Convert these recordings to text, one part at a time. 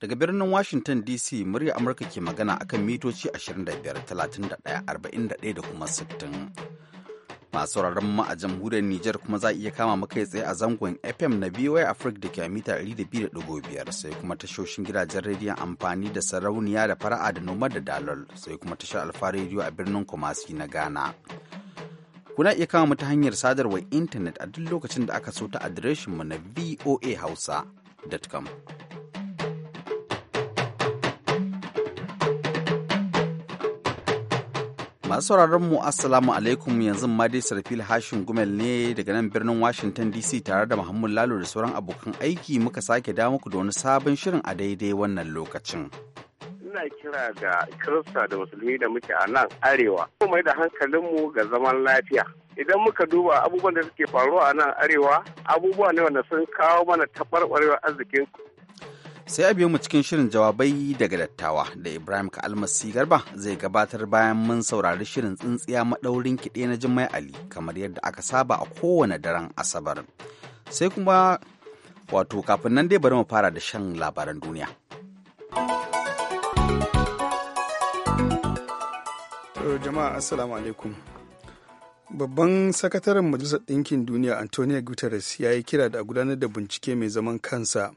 Daga birnin Washington DC murya Amurka ke magana akan mitoci 25, 31, 41 da kuma 60. Masu sauraron mu a jamhuriyar Nijar kuma za iya kama maka tsaye a zangon FM na VOA Africa da ke mita 200.5 sai kuma tashoshin gidajen rediyon amfani da sarauniya da fara'a da noma da dalol sai kuma tashar alfa rediyo a birnin Kumasi na Ghana. Kuna iya kama mu ta hanyar sadarwar intanet a duk lokacin da aka so ta mu na voahausa.com. Masu sauraron mu Assalamu alaikum yanzu ma dai Sarfil hashin Gumel ne daga nan birnin Washington DC tare da Muhammad Lalo da sauran abokan aiki muka sake da muku da wani sabon shirin a daidai wannan lokacin. Ina kira ga Kirista da Musulmi da muke a nan arewa, kuma da hankalinmu ga zaman lafiya. Idan muka duba abubuwan da suke faruwa a nan arewa, abubuwa ne wanda sun kawo mana taɓarɓarewar arzikin sai a biyo mu cikin shirin jawabai daga dattawa da ibrahim almasi garba zai gabatar bayan mun saurari shirin tsintsiya maɗaurin kiɗe na jimai ali kamar yadda aka saba a kowane daren asabar sai kuma wato kafin nan dai bari mu fara da shan labaran duniya jama'a assalamu alaikum babban sakataren majalisar ɗinkin duniya antonio guterres ya yi kira da gudanar da bincike mai zaman kansa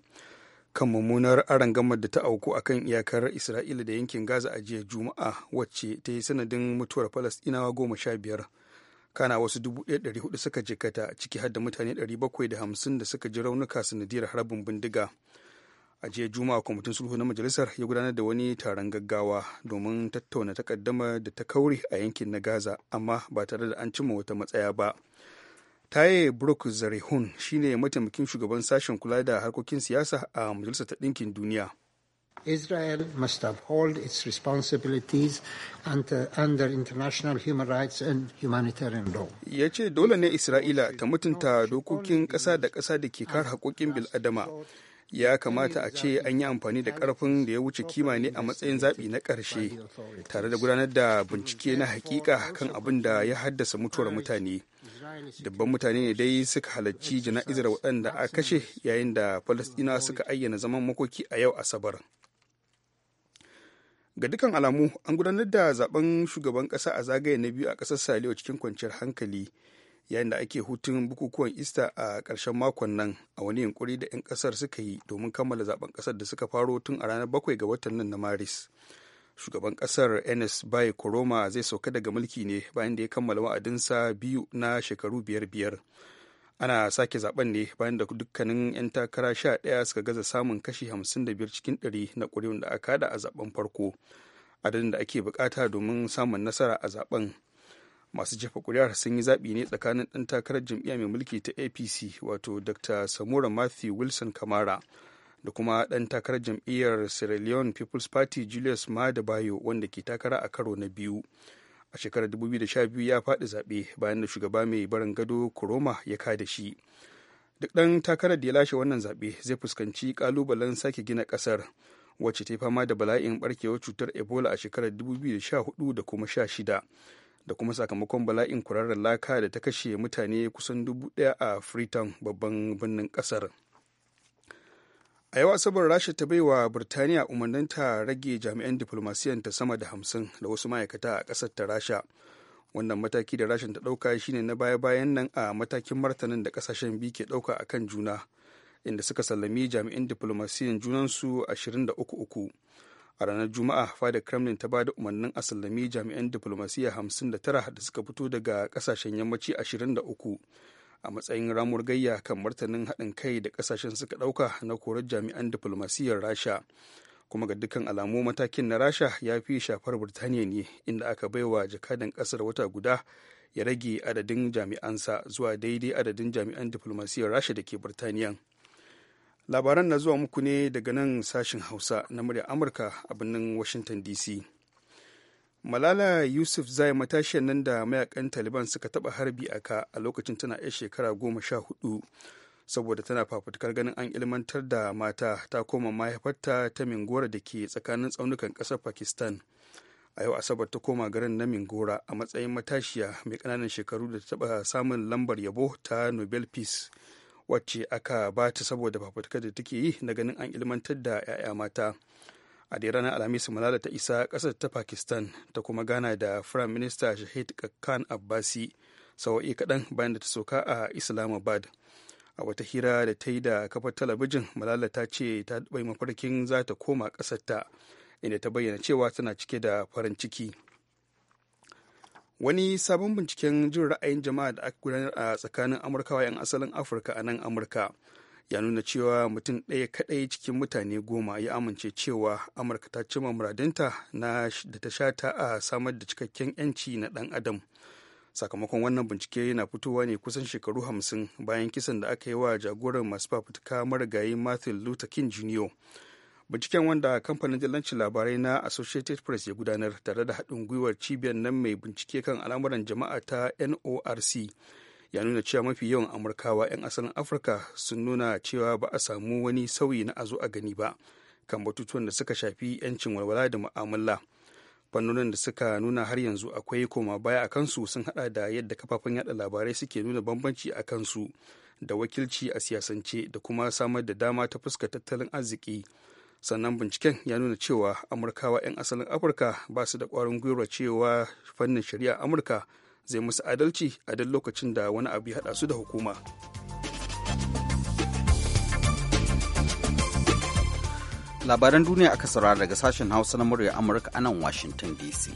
kan mummunar arangamar da ta auku a kan iyakar isra'ila da yankin gaza a jiya juma'a wacce ta yi sanadin mutuwar falastinawa goma sha biyar kana wasu dubu hudu suka jikata ciki har da mutane ɗari bakwai da hamsin da suka ji raunuka sanadiyar harbin bindiga a jiya juma'a kwamitin sulhu na majalisar ya gudanar da wani taron gaggawa domin tattauna takaddama da ta kauri a yankin na gaza amma ba tare da an cimma wata matsaya ba taye brook zarehun shine mataimakin shugaban sashen kula da harkokin siyasa a majalisar ta ɗinkin duniya Israel must uphold its responsibilities under, international human rights and humanitarian law. Ya ce dole ne Isra'ila ta mutunta dokokin ƙasa da ƙasa da ke kare haƙoƙin bil'adama. Ya kamata a ce an yi amfani da ƙarfin da ya wuce kima ne a matsayin zaɓi na ƙarshe, tare da gudanar da bincike na hakika kan abin da ya haddasa mutuwar mutane. Dabban mutane ne dai suka halarci jana'izar waɗanda a kashe yayin da Falasɗina suka ayyana zaman makoki a yau Asabar. Ga dukan alamu an gudanar da zaben shugaban ƙasa a zagaye na biyu a ƙasar saliwa cikin kwanciyar hankali yayin da ake hutun bukukuwan Ista a ƙarshen makon nan a wani yunkuri da 'yan ƙasar suka yi domin kammala zaben ƙasar da suka faro tun a ranar bakwai ga watan nan na Maris. shugaban kasar enes bai koroma zai sauka daga mulki ne bayan da ya kammala wa'adinsa biyu na shekaru biyar biyar ana sake zaben ne bayan da dukkanin 'yan takara sha ɗaya suka gaza samun kashi hamsin da biyar cikin ɗari na ƙuri'un da aka da a zaben farko adadin da ake bukata domin samun nasara a zaben masu jefa ƙuri'ar sun yi zaɓi ne tsakanin ɗan takarar jam'iyya mai mulki ta apc wato dr samura matthew wilson kamara da kuma ɗan takarar jam'iyyar sierra leone people's party julius mada bayo wanda ke takara a karo na biyu a shekarar 2012 ya faɗi zaɓe bayan da shugaba mai barin gado kuroma ya kada shi duk ɗan takarar da ya lashe wannan zaɓe zai fuskanci ƙalubalen sake gina ƙasar wacce ta fama da bala'in barkewar cutar ebola a shekarar 2014 da kuma 16 da kuma sakamakon bala'in kurarar laka da ta kashe mutane kusan dubu ɗaya a freetown babban birnin ƙasar a yau asabar rasha ta bai wa birtaniya umarnin ta rage jami'an diflomasiyan ta sama da hamsin da wasu ma'aikata a kasar ta rasha wannan mataki da rashin ta ɗauka shine na baya-bayan nan a matakin martanin da kasashen biyu ke ɗauka a kan juna inda suka sallami jami'in diflomasiyan junansu 23 a ranar juma'a fada kremlin ta bada umarnin a sallami jami'an diflomasiyya hamsin da tara da suka fito daga kasashen yammaci 23 a matsayin ramuwar gayya kan martanin haɗin kai da ƙasashen suka ɗauka na korar jami'an diflomasiyyar rasha kuma ga dukkan alamu matakin na rasha ya fi shafar birtaniya ne inda aka baiwa jakadan ƙasar wata guda ya rage adadin jami'ansa zuwa daidai adadin jami'an diflomasiyyar rasha da ke birtaniya labaran na zuwa muku ne daga nan sashen hausa na murya amurka a birnin washington dc malala yusuf zai matashiyar nan da mayakan taliban suka taba harbi a ka a lokacin tana 'yar shekara goma sha hudu saboda tana fafutukar ganin an ilmantar da mata ta koma mahaifarta ta mingora da ke tsakanin tsaunukan kasar pakistan a yau asabar ta koma garin na mingora a matsayin matashiya mai kananan shekaru da ta taba samun lambar yabo ta nobel peace wacce aka ba ta saboda fafutukar da take yi na ganin an ilmantar da 'ya'ya mata a da ranar alhamis malala ta isa kasar ta pakistan ta kuma gana da firayim minista shahid khan abbasi sawa'i kaɗan bayan da ta soka a islamabad a wata hira da ta yi da kafar talabijin malala ta ce ta bai mafarkin za ta koma ƙasarta inda ta bayyana cewa tana cike da farin ciki wani sabon binciken jin ra'ayin jama'a da aka gudanar a tsakanin amurkawa 'yan asalin afirka a nan amurka ya nuna cewa mutum ɗaya kaɗai cikin mutane goma ya amince cewa amurka ta cima muradinta da ta shata a samar da cikakken 'yanci na ɗan adam sakamakon wannan bincike yana fitowa ne kusan shekaru hamsin bayan kisan da aka yi wa jagoran masu fafutuka marigayi martin luther king jr binciken wanda kamfanin jallancin labarai na associated press ya gudanar tare da haɗin gwiwar cibiyar nan mai bincike kan al'amuran jama'a ta norc ya nuna cewa mafi yawan amurkawa 'yan asalin afirka sun nuna cewa ba a samu wani sauyi na azo a gani ba kan batutuwan da suka shafi 'yancin walwala da mu'amala fannonin da suka nuna har yanzu akwai koma baya a kansu sun hada da yadda kafafen yada labarai suke nuna bambanci a kansu da wakilci a siyasance da kuma samar da dama ta fuska tattalin arziki sannan binciken ya nuna cewa amurkawa 'yan asalin afirka ba su da kwarin gwiwa cewa fannin shari'a amurka zai musu adalci a duk lokacin da wani abu ya haɗa su da hukuma labaran duniya aka saurara daga sashen hausa na murya amurka a nan washington dc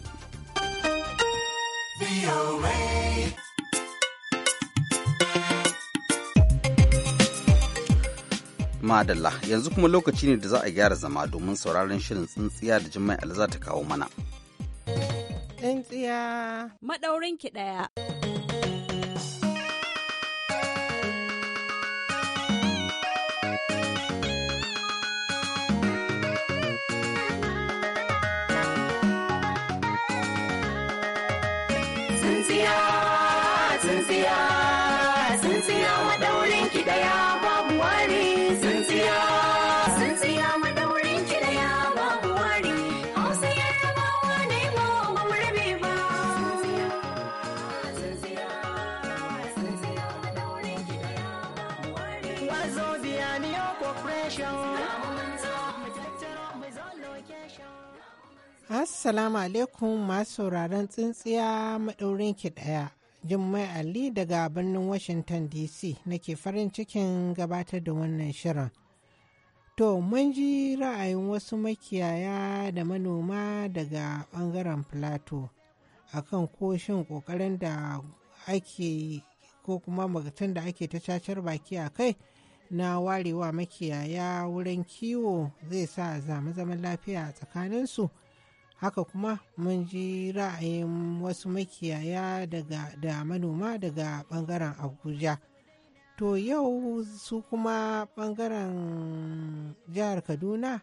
madalla yanzu kuma lokaci ne da za a gyara zama domin sauraron shirin tsintsiya da jimai alza ta kawo mana Tsintsiya. Maɗaurin ki ɗaya. Assalamu alaikum masu sauraron tsintsiya maɗaurin ki ɗaya. Jummai Ali daga birnin Washington DC nake farin cikin gabatar da wannan shirin. To, mun ji ra'ayin wasu makiyaya da manoma daga ɓangaren Plateau akan koshin ƙoƙarin da ake ko kuma magatun da ake ta cacar baki a kai. na warewa makiyaya wurin kiwo zai sa a zama zaman lafiya a tsakaninsu haka kuma mun ji ra'ayin wasu makiyaya daga da manoma daga bangaren abuja to yau su kuma bangaren jihar kaduna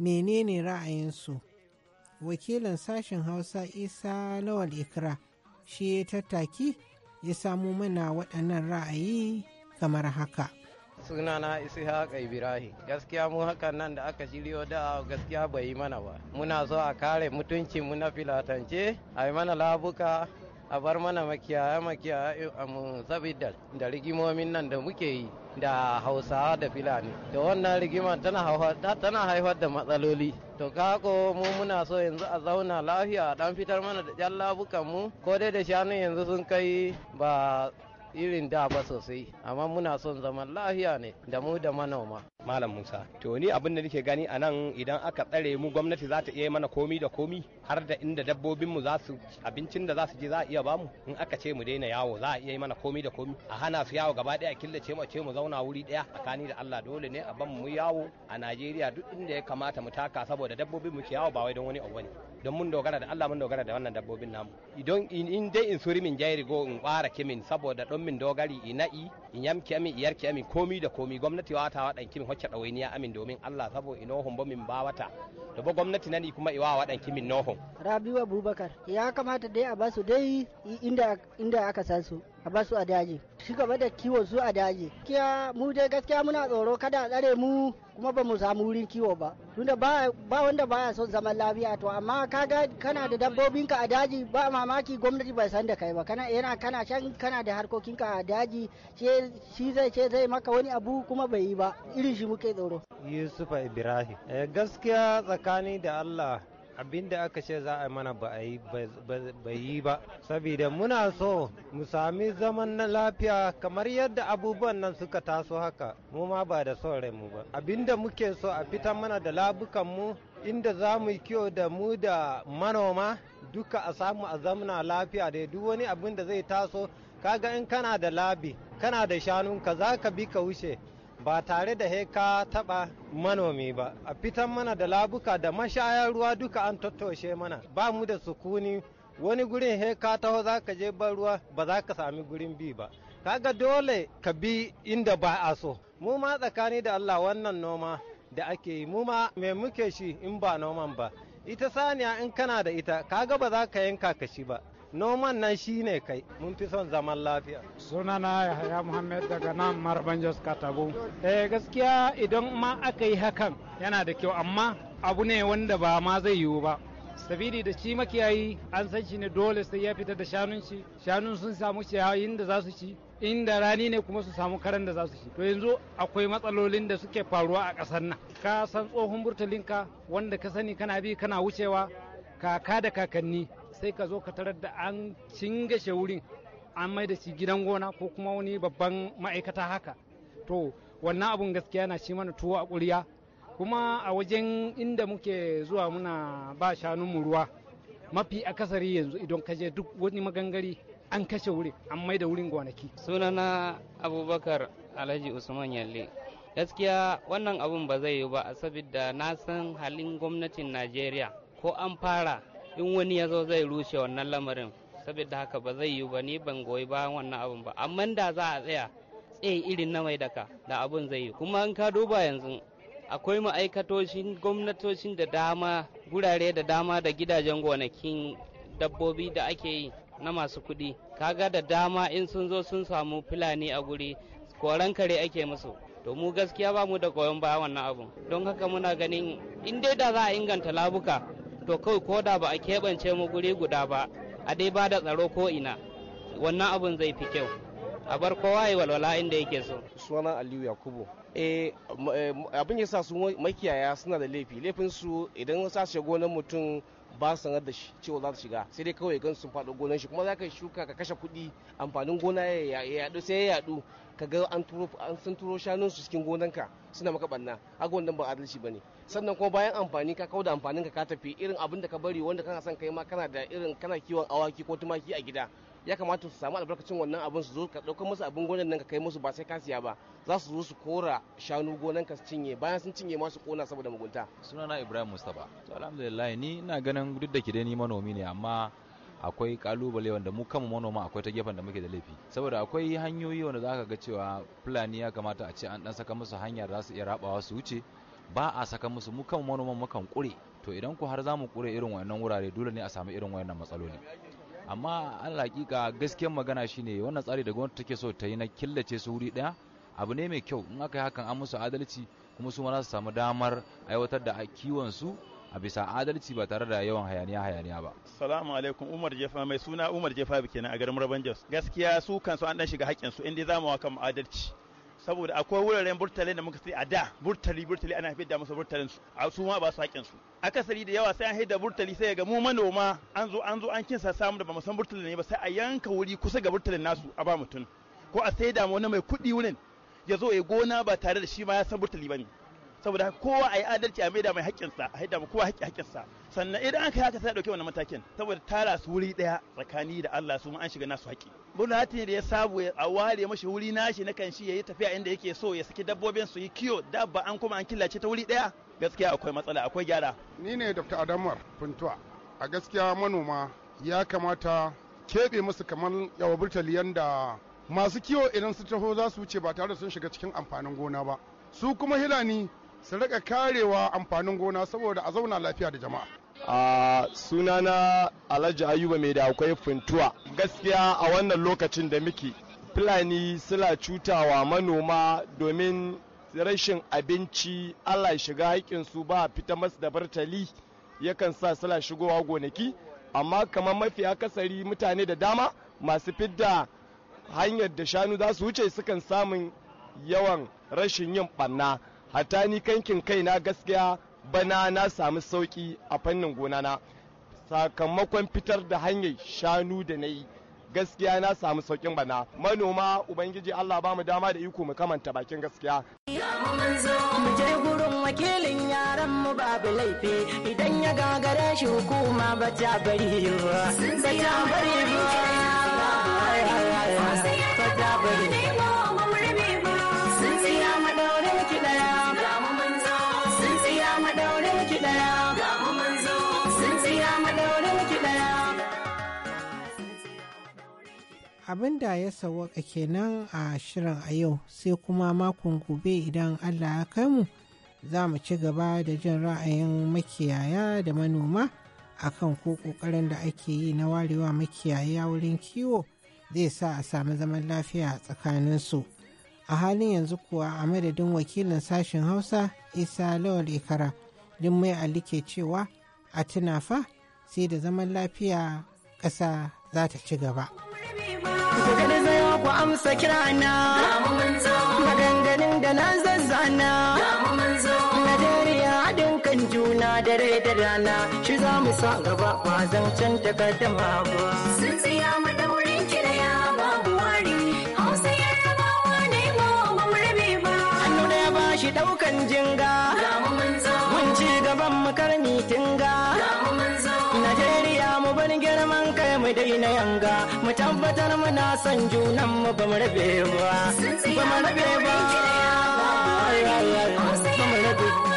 menene ra'ayinsu wakilin sashen hausa isa lawal ikra shi tattaki ya samu mana waɗannan ra'ayi kamar haka sunana ishaq ibrahim gaskiya mu hakan nan da aka shiryo da gaskiya bai yi mana ba muna so a kare mutuncin mu na filatance a yi mana labuka a bar mana makiyaya makiyaya mu sabida da rigimomin nan da muke yi da hausawa da filani da wannan rigima tana haifar da matsaloli to kako mu muna so yanzu a zauna lafiya dan fitar mana da labukan mu ko dai da shanu yanzu sun kai ba irin da ba sosai amma muna son zaman lafiya ne da mu da manoma malam musa to ni abin da nake gani a nan idan aka tsare mu gwamnati za ta iya mana komi da komi har da inda dabbobin mu za su abincin da za su je za a iya bamu in aka ce mu daina yawo za a iya mana komi da komi a hana su yawo gaba daya killace mu ce mu zauna wuri daya tsakani da Allah dole ne a ban mu yawo a Najeriya duk inda ya kamata mu taka saboda dabbobin mu ke yawo ba wai don wani abu don mun dogara da Allah mun dogara da wannan dabbobin namu idan in dai in suri min jairi go in kwara kimin saboda don min dogari i. in yamki amin iyarki amin komi da komi gwamnati wa ta waɗan kimin hocce dawainiya amin domin Allah sabo inohon ba min ba wata da ba gwamnati nani kuma iwa waɗan kimin nohun Rabiu Abubakar ya kamata dai a basu dai inda inda aka san su a basu a daji shi gaba da kiwo su a daji kiya mu dai gaskiya muna tsoro kada a tsare mu kuma ba mu samu wurin kiwo ba tunda ba wanda baya son zaman lafiya to amma kaga kana da dabbobinka a daji ba mamaki gwamnati bai san da kai ba kana yana kana can kana da harkokinka a daji shi shi zai ce zai maka wani abu kuma bai yi ba irin shi muke tsoro yusufa ibrahim eh, gaskiya tsakani da allah abin aka ce za a mana ba yi ba saboda muna so mu sami zaman na lafiya kamar yadda abubuwan nan suka taso haka mu ma ba da son mu ba abin da muke so a fita mana da labukan mu inda za mu yi kyau da mu da manoma duka a samu a zamana lafiya da duk wani abin da zai taso kaga in kana da labi kana da shanunka za ka bi ka wuce ba tare da he ka taɓa manomi ba a fitan mana da labuka da mashayar ruwa duka an tattoshe mana ba mu da sukuni wani gurin he ka taho za ka je ban ruwa ba za ka sami gurin bi ba kaga dole ka bi inda ba a so mu ma tsakani da Allah wannan noma da ake yi mu ma me muke shi in ba noman ba ita saniya in kana da ita kaga ba za ka yanka ka shi ba noman nan shi ne kai mun fi son zaman lafiya sunana yahaya muhammed daga nan marban jos katabu eh gaskiya idan ma aka yi hakan yana da kyau amma abu ne wanda ba ma zai yiwu ba sabidi da shi makiyayi an san shi ne dole sai ya fita da shanun shi shanun sun samu ciyayin da za su ci inda rani ne kuma su samu karen da za su ci to yanzu akwai matsalolin da suke faruwa a ƙasar nan ka san tsohon burtalinka wanda ka sani kana bi kana wucewa kaka da kakanni sai ka zo ka tarar da an cingashe wurin an mai da shi gidan gona ko kuma wani babban ma'aikata haka to wannan abun gaskiya na shi mana tuwo a ƙuriya kuma a wajen inda muke zuwa muna ba mu ruwa mafi akasari yanzu idan ka je duk wani magangari an kashe wurin an mai da wurin gonaki sunana abubakar alhaji usman yalle gaskiya wannan abun ba zai yi ba saboda na san halin gwamnatin najeriya ko an fara in wani ya zo zai rushe wannan lamarin saboda haka ba zai yi ba ni ban goyi ba wannan abun ba amma da za a tsaya tsaye irin na mai daka da abun zai yi kuma in ka duba yanzu akwai ma'aikatoshin gwamnatoshin da dama gurare da dama da gidajen gonakin dabbobi da ake yi na masu kuɗi kaga da dama in sun zo sun samu fulani a guri koran kare ake musu to mu gaskiya ba mu da goyon baya wannan abun don haka muna ganin in dai da za a inganta labuka to kawai ko da ba a keɓance mu guri guda ba a dai ba da tsaro ko ina wannan abun zai fi kyau a bar kowa ya walwala inda yake so suna aliyu yakubu eh, eh abin yasa su makiyaya suna da laifi laifin su idan sa shi gonar mutum ba sanar da shi cewa za su shiga sai dai kawai gan sun faɗo gonar shi kuma za ka shuka ka kashe kuɗi amfanin gona ya yaɗu sai ya yaɗu ka ga an turo an sun turo shanun su cikin gonanka suna maka banna aga wannan ba adalci ba ne. sannan kuma bayan amfani ka kauda amfanin ka ka tafi irin abin da ka bari wanda kana son kai ma kana da irin kana kiwon awaki ko tumaki a gida ya kamata su samu albarkacin wannan abin su zo ka dauko musu abin gonan nan ka kai musu ba sai ka siya ba za su zo su kora shanu gonan ka su cinye bayan sun cinye ma su kona saboda mugunta sunana Ibrahim mustafa to alhamdulillah ni ina ganin duk da kide ni manomi ne amma akwai kalubale wanda mu kama manoma akwai ta gefen da muke da laifi saboda akwai hanyoyi wanda za ka ga cewa fulani ya kamata a ce an dan saka musu hanyar za su iya rabawa su wuce ba a saka musu mu kan manoman mukan kure to idan ku har za mu kure irin wannan wurare dole ne a samu irin wannan matsaloli amma an hakika gaskiyar magana ne wannan tsari da gwamnati take so ta yi na killace su wuri daya abu ne mai kyau in aka yi hakan an musu adalci kuma su ma za su samu damar aiwatar da kiwon su a bisa adalci ba tare da yawan hayaniya hayaniya ba. Assalamu alaikum Umar Jefa mai suna Umar Jefa kenan a garin Raban Jos. Gaskiya su kansu an dan shiga haƙƙin su inda zamu wa kan adalci. saboda akwai wuraren burtale da muka sai a da burtali burtali ana haifar da masa burtalin su a su ma ba su haƙin su akasari da yawa sai an haifar da burtali sai ga mu manoma an zo an zo an kinsa samu da ba mu san burtalin ne ba sai a yanka wuri kusa ga burtalin nasu a ba mutum ko a sai da wani mai kuɗi wurin ya zo ya gona ba tare da shi ma ya san burtali ba ne saboda kowa a yi adalci a maida mai haƙƙinsa a haida kowa haƙƙi haƙƙinsa sannan idan aka haka sai ɗauke wannan matakin saboda tara su wuri ɗaya tsakani da Allah su mu an shiga nasu haƙi bulati da ya sabu a ware mashi wuri nashi na kan ya yi tafiya inda yake so ya saki dabbobin su yi kiyo dabba an kuma an killace ta wuri ɗaya? gaskiya akwai matsala akwai gyara ni ne Dr. Adamar Funtuwa a gaskiya manoma ya kamata keɓe musu kamar yawa burtali yanda masu kiwo idan su taho za su wuce ba tare da sun shiga cikin amfanin gona ba su kuma hilani su rika karewa amfanin gona saboda a zauna lafiya da jama'a a sunana alhaji ayuba mai da akwai funtuwa gaskiya a wannan lokacin da muke fulani suna cutawa manoma domin rashin abinci allah shiga haƙƙinsu ba fita masu da bartali yakan sa suna shigowa gonaki amma kamar mafi akasari mutane da dama masu fidda hanyar da shanu za su wuce sukan samun yawan rashin yin ɓanna hatta ni kankin kai na gaskiya bana na samu sauki a fannin gona na sakamakon fitar da hanyar shanu da na yi gaskiya na samu saukin bana manoma ubangiji Allah ba mu dama da iko mu kamanta bakin gaskiya mu gurin wakilin yaran mu babu laifi idan ya gagare shi hukuma ba ta bari ba ba ba, ba, ba ba ba, ba, ba abin da ya sawaka kenan a shirin a yau sai kuma makon gobe idan allah ya kai mu za mu ci gaba da jin ra'ayin makiyaya da manoma akan ko kokarin da ake yi na warewa makiyaya wurin kiwo zai sa a sami zaman lafiya tsakaninsu a halin yanzu kuwa a madadin wakilin sashen hausa isa lawal ikara din ali ke cewa a tunafa sai da zaman lafiya ƙasa za ta ci gaba. Ku garzayo ku amsa kirana. Maganganun da na zazzana. Najeriya haɗin kan juna da rai da rana. Shi za mu sa gaba ba zan canta kadama ba. Sun tsaya madaurin kiraya babu wari. Hausa yarbawa ne ba mu rabe ba. Hannu ya ba shi ɗaukan jinga. kai na yanga mu tabbatar muna son junan mu ba mu rabe ba ba mu rabe ba ba mu rabe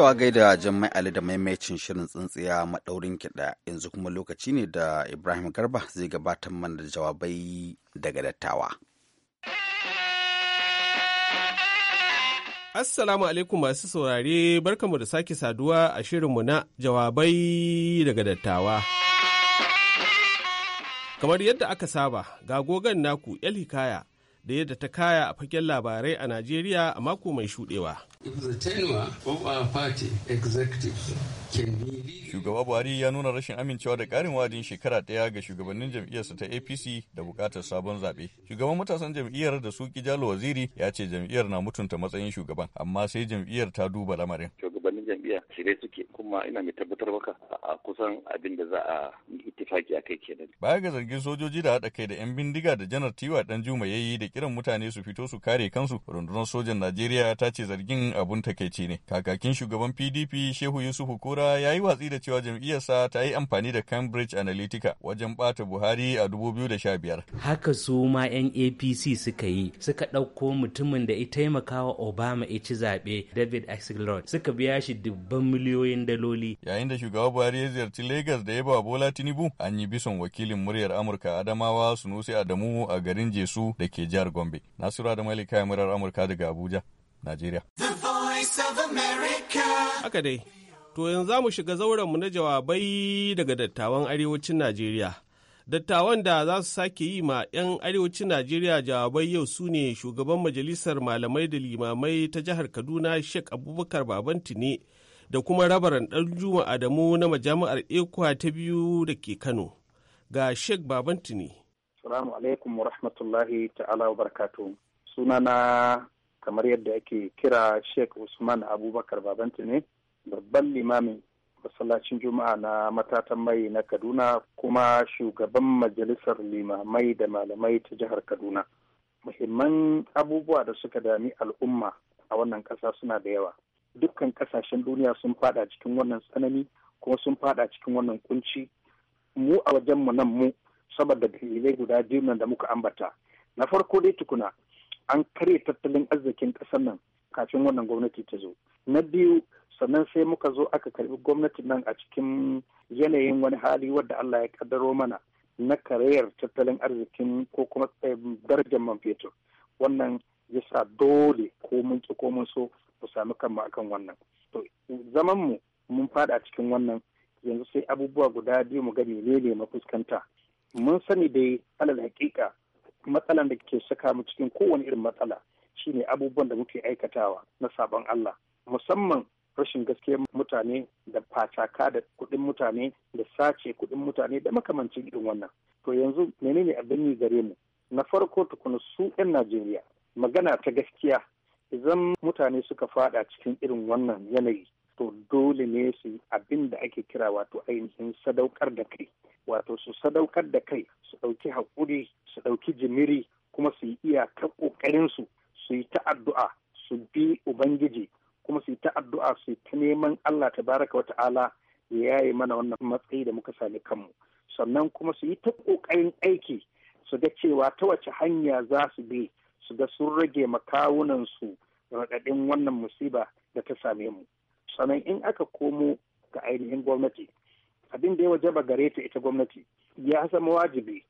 To gaida gaida Jummai Ali da maimacin shirin tsintsiya maɗaurin kiɗa yanzu kuma lokaci ne da Ibrahim Garba zai gabatar mana da jawabai daga dattawa. Assalamu alaikum masu saurare barkamu da sake saduwa a shirinmu na jawabai daga dattawa. Kamar yadda aka saba, ga gogan naku yan Hikaya da yadda ta kaya a fagen labarai a Najeriya a mako mai shudewa. Shugaba Buhari ya nuna rashin amincewa da ƙarin wadin shekara ɗaya ga shugabannin jam'iyyarsa ta APC da buƙatar sabon zaɓe. Shugaban matasan jam'iyyar da su Jalo Waziri ya ce jam'iyyar na mutunta matsayin shugaban, amma sai jam'iyyar ta duba lamarin. wani jam'iyya shirye suke kuma ina mai tabbatar maka a kusan abin da za a yi ittifaki a kai kenan. Baya ga zargin sojoji da haɗa kai da 'yan bindiga da janar Tiwa dan Juma ya yi da kiran mutane su fito su kare kansu rundunar sojan Najeriya ta ce zargin abun takaici ne. Kakakin shugaban PDP Shehu Yusufu Kura ya yi watsi da cewa jam'iyyarsa ta yi amfani da Cambridge Analytica wajen ɓata Buhari a 2015. Haka su ma 'yan APC suka yi suka ɗauko mutumin da ya taimakawa Obama ya ci zaɓe David Axelrod suka biya shi shi dubban miliyoyin daloli. Yayin da shugaba Buhari ya ziyarci Legas da ya ba Bola Tinubu an yi bison wakilin muryar Amurka Adamawa Sunusi Adamu a garin Jesu da ke jihar Gombe. Nasiru Adamu kai muryar Amurka daga Abuja, Najeriya. Haka dai, to yanzu za mu shiga zauren mu na jawabai daga dattawan arewacin Najeriya. Dattawan da za su sake yi ma 'yan arewacin Najeriya jawabai yau su ne shugaban majalisar malamai da limamai ta jihar Kaduna Sheikh Abubakar ne da kuma rabaran Juma Adamu na majami'ar Ekwa ta biyu da ke Kano. Ga Sheikh Babantini. Salamu alaikum wa rahmatullahi ta'ala wa barakatu. Sunana kamar yadda ake kira Sheikh Usman Abubakar Babantini, babban limamin masallacin juma'a na matatan mai na kaduna kuma shugaban majalisar limamai da malamai ta jihar kaduna muhimman abubuwa da suka dami al'umma a wannan ƙasa suna da yawa dukkan ƙasashen duniya sun fada cikin wannan tsanani kuma sun fada cikin wannan kunci mu a wajenmu nan mu saboda dalilai guda biyu nan da muka ambata na farko dai tukuna an karya tattalin arzikin ƙasar nan kafin wannan gwamnati ta zo na biyu sannan sai muka zo aka karbi gwamnatin nan a cikin yanayin wani hali wadda Allah ya kaddaro mana na karayar tattalin arzikin ko kuma eh, darajar man fetur wannan ya sa dole ko mun ki ko mun so mu sami kanmu akan wannan to zaman mu mun fada cikin wannan yanzu sai abubuwa guda biyu mu ga menene mafuskanta mun sani dai alal hakika matsalan da ke saka mu cikin kowane irin matsala shine abubuwan da muke aikatawa na sabon Allah musamman rashin gaskiyar mutane da facaka da kuɗin mutane da sace kuɗin mutane da makamancin irin wannan to yanzu menene abin yi gare mu na farko tukuna su 'yan najeriya magana ta gaskiya idan mutane suka fada cikin irin wannan yanayi to dole ne su yi abin da ake kira wato ainihin sadaukar da kai wato su sadaukar da kai su ɗauki haƙuri su ɗauki jimiri kuma su yi iyakar ƙoƙarinsu su yi ta addu'a su bi ubangiji kuma su yi ta addu'a su ta neman Allah ta baraka wa ta'ala ya yaye mana wannan matsayi da muka sami kanmu sannan kuma su yi ta ƙoƙarin aiki su ga cewa ta wace hanya za su bi su ga sun rage makawunansu raɗaɗin wannan musiba da ta same mu sannan in aka komo ga ainihin gwamnati abin da ya wajaba gare ta ita gwamnati ya zama wajibi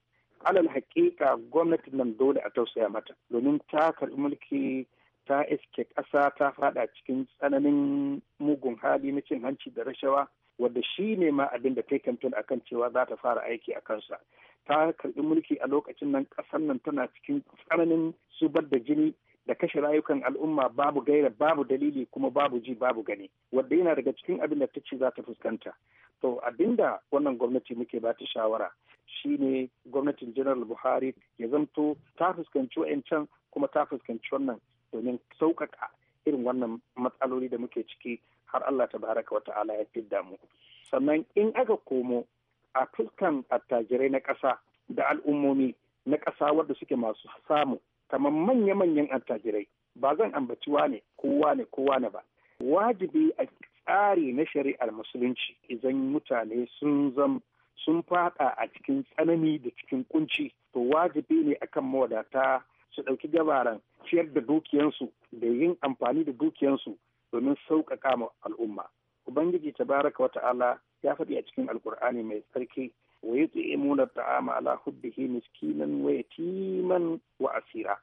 alal haƙiƙa gwamnatin nan dole a tausaya mata domin ta karɓi mulki ta iske ƙasa ta fada cikin tsananin mugun hali na cin hanci da rashawa wadda shi ne ma abin da ta kamfen a kan cewa za ta fara aiki a kansa ta karbi mulki a lokacin nan ƙasar nan tana cikin tsananin zubar da jini da kashe rayukan al'umma babu gaira babu dalili kuma babu ji babu gani wadda yana daga cikin abin da ta ce za ta fuskanta to abinda wannan gwamnati muke ba ta shawara shine gwamnatin general buhari ya zamto ta fuskanci wa'ancan kuma ta fuskanci wannan domin sauƙaƙa irin wannan matsaloli da muke ciki har Allah ta baraka wa ta'ala ya fidda mu sannan in aka komo a fuskan attajirai na ƙasa da al'ummomi na ƙasa wadda suke masu samu kamar manya-manyan attajirai ba zan ambaci wane kowa ne kowa ne ba wajibi a tsari na shari'ar musulunci idan mutane sun zam sun fada a cikin tsanani da cikin kunci to wajibi ne akan mawadata su ɗauki gabaran ciyar da dukiyansu da yin amfani da dukiyansu domin sauƙaƙa ma al'umma. Ubangiji ta baraka wata ala ya faɗi a cikin alkur'ani mai tsarki wa yut'imuna ta'ama ala hubbihi miskinan wa yatiman wa asira.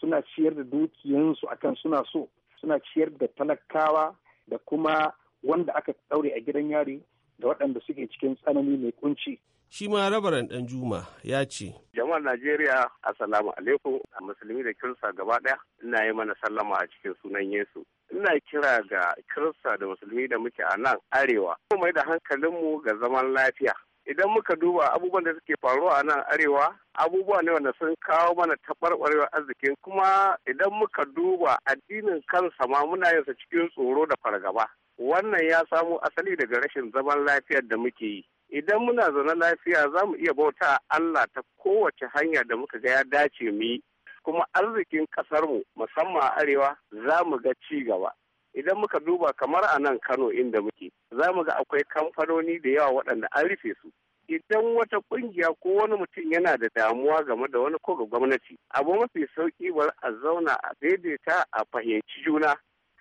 Suna ciyar da dukiyansu akan suna so, suna ciyar da talakawa da kuma wanda aka ɗaure a gidan yari da waɗanda suke cikin tsanani mai kunci shi ma rabaran dan juma ya ce jama'ar najeriya assalamu alaikum a musulmi da kirista gaba ɗaya ina yi mana sallama a cikin sunan yesu ina kira ga kirista da musulmi da muke a nan arewa mu mai da hankalinmu ga zaman lafiya idan muka duba abubuwan da suke faruwa a nan arewa abubuwa ne wanda sun kawo mana taɓarɓarewar arzikin kuma idan muka duba addinin kansa ma muna yinsa cikin tsoro da fargaba wannan ya samo asali daga rashin zaman lafiyar da muke yi idan muna zaune lafiya za mu iya bauta Allah ta kowace hanya da muka ga ya dace mu yi kuma arzikin ƙasarmu musamman a arewa za mu ga ci gaba idan muka duba kamar a nan kano inda muke za mu ga akwai kamfanoni da yawa waɗanda an rufe su idan wata ƙungiya ko wani mutum yana da damuwa game da wani ko ga gwamnati abu mafi sauki bar a zauna a daidaita a fahimci juna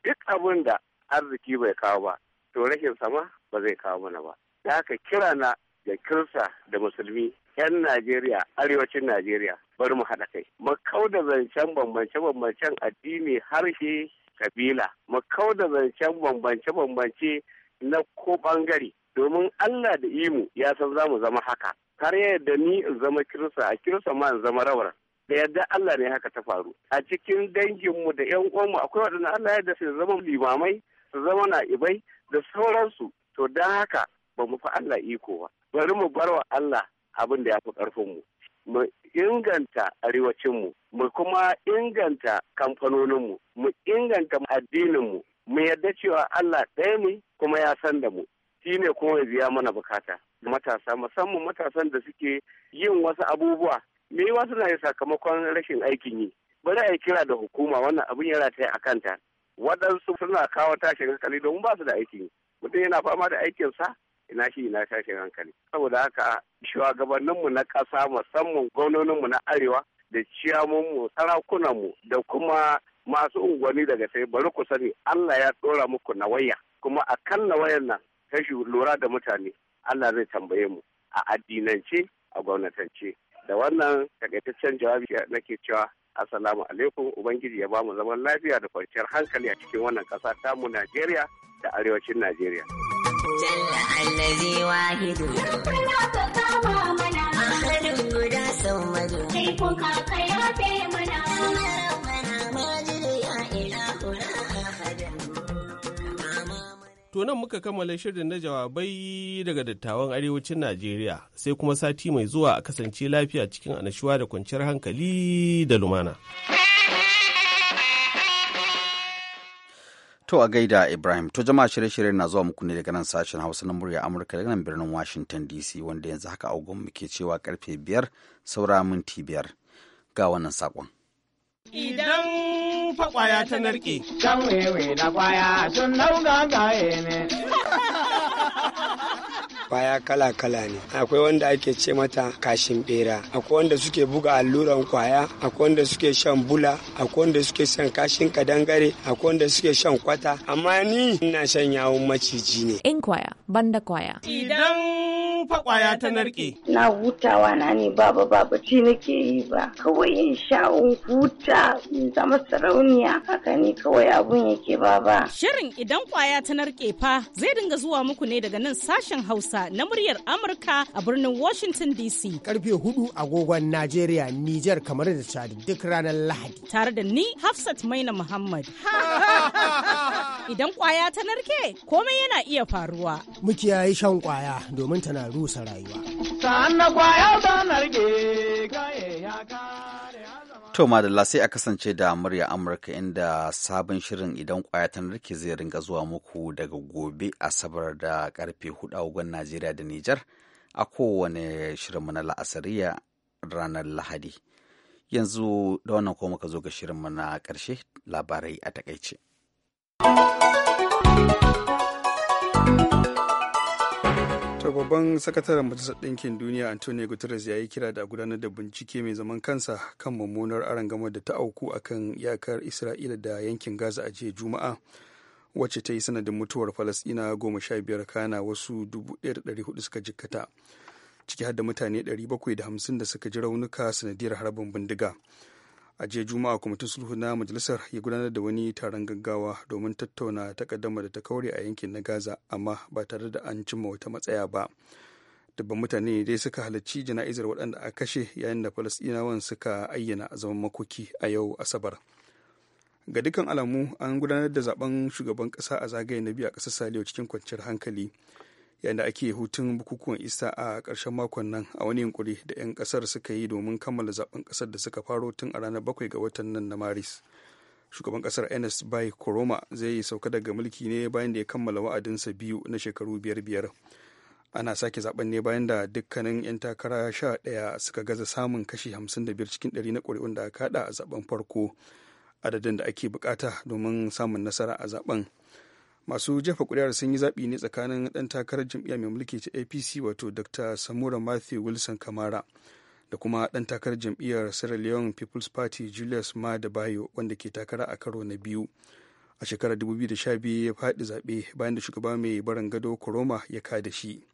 duk abin da arziki bai kawo ba to rashin sama ba zai kawo mana ba da aka kira na da kirsa da musulmi 'yan Najeriya, arewacin Najeriya, bari mu haɗa kai. Mu da zancen bambance-bambancen addini, harshe, kabila. Mu da zancen bambance-bambance na ko ɓangare. Domin Allah da imu ya san za mu zama haka. Har yadda ni in zama kirsa, a kirsa ma in zama rawar. Da yadda Allah ne haka ta faru. A cikin danginmu da 'yan uwanmu akwai waɗanda Allah ya yadda su zama limamai, su zama na'ibai da sauransu. To don haka ba mu fi Allah iko ba bari mu bar wa Allah abin da ya fi ƙarfinmu mu inganta arewacinmu mu kuma inganta kamfanoninmu mu inganta addininmu mu yarda cewa Allah ɗaya ne kuma ya san da mu shi ne kuma ya biya mana bukata matasa musamman matasan da suke yin wasu abubuwa me yiwa suna yi sakamakon rashin aikin yi bari a yi kira da hukuma wannan abin yana ta a kanta waɗansu suna kawo tashin hankali domin ba su da aikin yi mutum yana fama da aikinsa ina shi ina tashin hankali saboda haka shugabanninmu na ƙasa musamman gwamnoninmu na arewa da ciyamunmu sarakunanmu da kuma masu unguwanni daga sai bari ku sani Allah ya ɗora muku nawaya kuma a kan nawayan nan ta lura da mutane Allah zai tambaye mu a addinance a gwamnatance da wannan takaitaccen jawabi nake cewa Assalamu alaikum Ubangiji ya bamu zaman lafiya da kwanciyar hankali a cikin wannan ƙasa mu Najeriya da arewacin Najeriya. Jalla allazi wahidu. kama mana. guda sau Kai kuka mana. nan muka kammala shirin na jawabai daga dattawan arewacin Najeriya sai kuma sati mai zuwa a kasance lafiya cikin anashuwa da kwanciyar hankali da lumana. To a gaida Ibrahim, to jama'a shirye-shirye na zuwa muku ne daga nan sashen Hausa na murya Amurka daga nan birnin Washington DC wanda yanzu haka mu ke cewa karfe biyar saura minti biyar ga wannan sakon. Idan fa kwaya ta narke. Can wewe na kwaya sun dauga gaye ne. kwaya kala-kala ne akwai wanda ake ce mata kashin bera akwai wanda suke buga alluran kwaya akwai wanda suke shan bula akwai wanda suke shan kashin kadangare akwai wanda suke shan kwata amma ni ina shan yawon maciji ne in kwaya banda kwaya idan fakwaya ta narke. Na hutawa na ne baba baba ci nake yi ba. Kawai yin sha'un huta zama sarauniya haka ne kawai abun yake ba Shirin idan kwaya ta narke fa zai dinga zuwa muku ne daga nan sashen Hausa na muryar Amurka a birnin Washington DC. Karfe hudu agogon Najeriya, Nijar kamar da Chad duk ranar Lahadi. Tare da ni Hafsat Maina Muhammad. idan kwaya ta narke komai yana iya faruwa. Mukiyayi shan kwaya domin tana rusa rayuwa. Sa'annan kwaya ta narke To madalla sai a kasance da murya Amurka inda sabon shirin idan kwaya ta narke zai ringa zuwa muku daga gobe asabar da karfe hudu agogon Najeriya da Nijar a kowane shirinmu na la'asariya ranar Lahadi. yanzu da wannan kuma muka zo ga shirinmu na ƙarshe labarai a takaice. babban sakataren majalisar ɗinkin duniya antonio guterres ya yi kira da gudanar da bincike mai zaman kansa kan mummunar aron gama da ta auku a kan iyakar isra'ila da yankin gaza a jiya juma'a wacce ta yi sanadin mutuwar falasɗina goma sha biyar kana wasu dubu hudu suka jikkata ciki har da mutane 750 da suka ji raunuka sanadiyar harbin bindiga a jiya juma'a kwamitin sulhu na majalisar ya gudanar da wani taron gaggawa domin tattauna takaddama da ta kaure a yankin na gaza amma ba tare da an cimma wata matsaya ba dubban mutane ne dai suka halarci jana'izar waɗanda a kashe yayin da falasɗinawan suka ayyana a zaman makoki a yau asabar ga dukkan alamu an gudanar da zaben shugaban ƙasa a zagaye na biyu a ƙasar saliyo cikin kwanciyar hankali yayin da ake hutun bukukuwan isa a ƙarshen makon nan a wani yunkuri da 'yan ƙasar suka yi domin kammala zaben ƙasar da suka faro tun a ranar bakwai ga watan nan na maris shugaban ƙasar enes bai koroma zai yi sauka daga mulki ne bayan da ya kammala wa'adinsa biyu na shekaru biyar biyar ana sake zaben ne bayan da dukkanin 'yan takara sha ɗaya suka gaza samun kashi hamsin da biyar cikin ɗari na ƙuri'un da aka haɗa a zaben farko adadin da ake bukata domin samun nasara a zaben masu jefa kuri'ar sun yi zaɓi ne tsakanin ɗan takarar jam'iyyar mai mulki ta apc wato dr samura matthew wilson kamara da kuma ɗan takarar jam'iyyar sierra leone people's party julius ma da bayo wanda ke takara a karo na biyu a shekarar 2012 ya faɗi zaɓe bayan da shugaba mai barin gado koroma ya ka da shi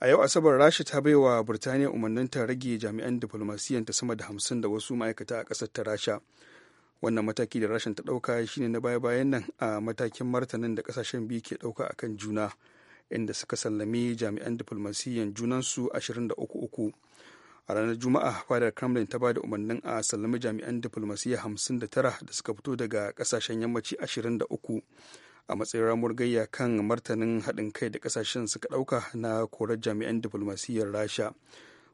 a yau asabar rasha ta baiwa burtaniya umarnin ta rage jami'an diflomasiyanta sama da hamsin da wasu ma'aikata a ƙasar ta rasha wannan mataki da rashin ta ɗauka shine na baya-bayan nan a matakin martanin da kasashen biyu ke ɗauka a kan juna inda suka sallami jami'an diflomasiyyan junansu 23 a ranar juma'a fadar kremlin ta bada umarnin a sallami jami'an diflomasiyya 59 da suka fito daga kasashen yammaci 23 a matsayin ramuwar gayya kan martanin haɗin kai da ƙasashen suka ɗauka na korar jami'an diflomasiyyar rasha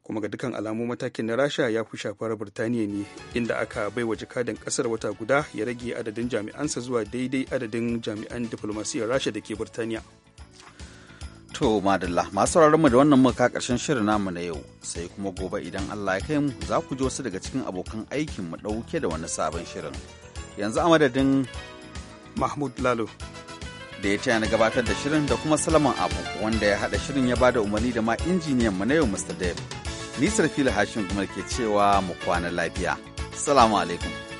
kuma ga dukkan alamu matakin na rasha ya fi shafar birtaniya ne inda aka bai wa jakadan kasar wata guda ya rage adadin jami'ansa zuwa daidai adadin jami'an diflomasiyyar rasha da ke birtaniya to madalla masu mu da wannan muka karshen shirin namu na yau sai kuma gobe idan allah ya kai mu za ku ji wasu daga cikin abokan aikin mu ɗauke da wani sabon shirin yanzu a madadin mahmud lalo da ya taya na gabatar da shirin da kuma salaman abu wanda ya hada shirin ya bada umarni da ma injiniyan mu na yau mr dave Nisar fili hashin kuma ke cewa mu kwana lafiya. Salamu alaikum.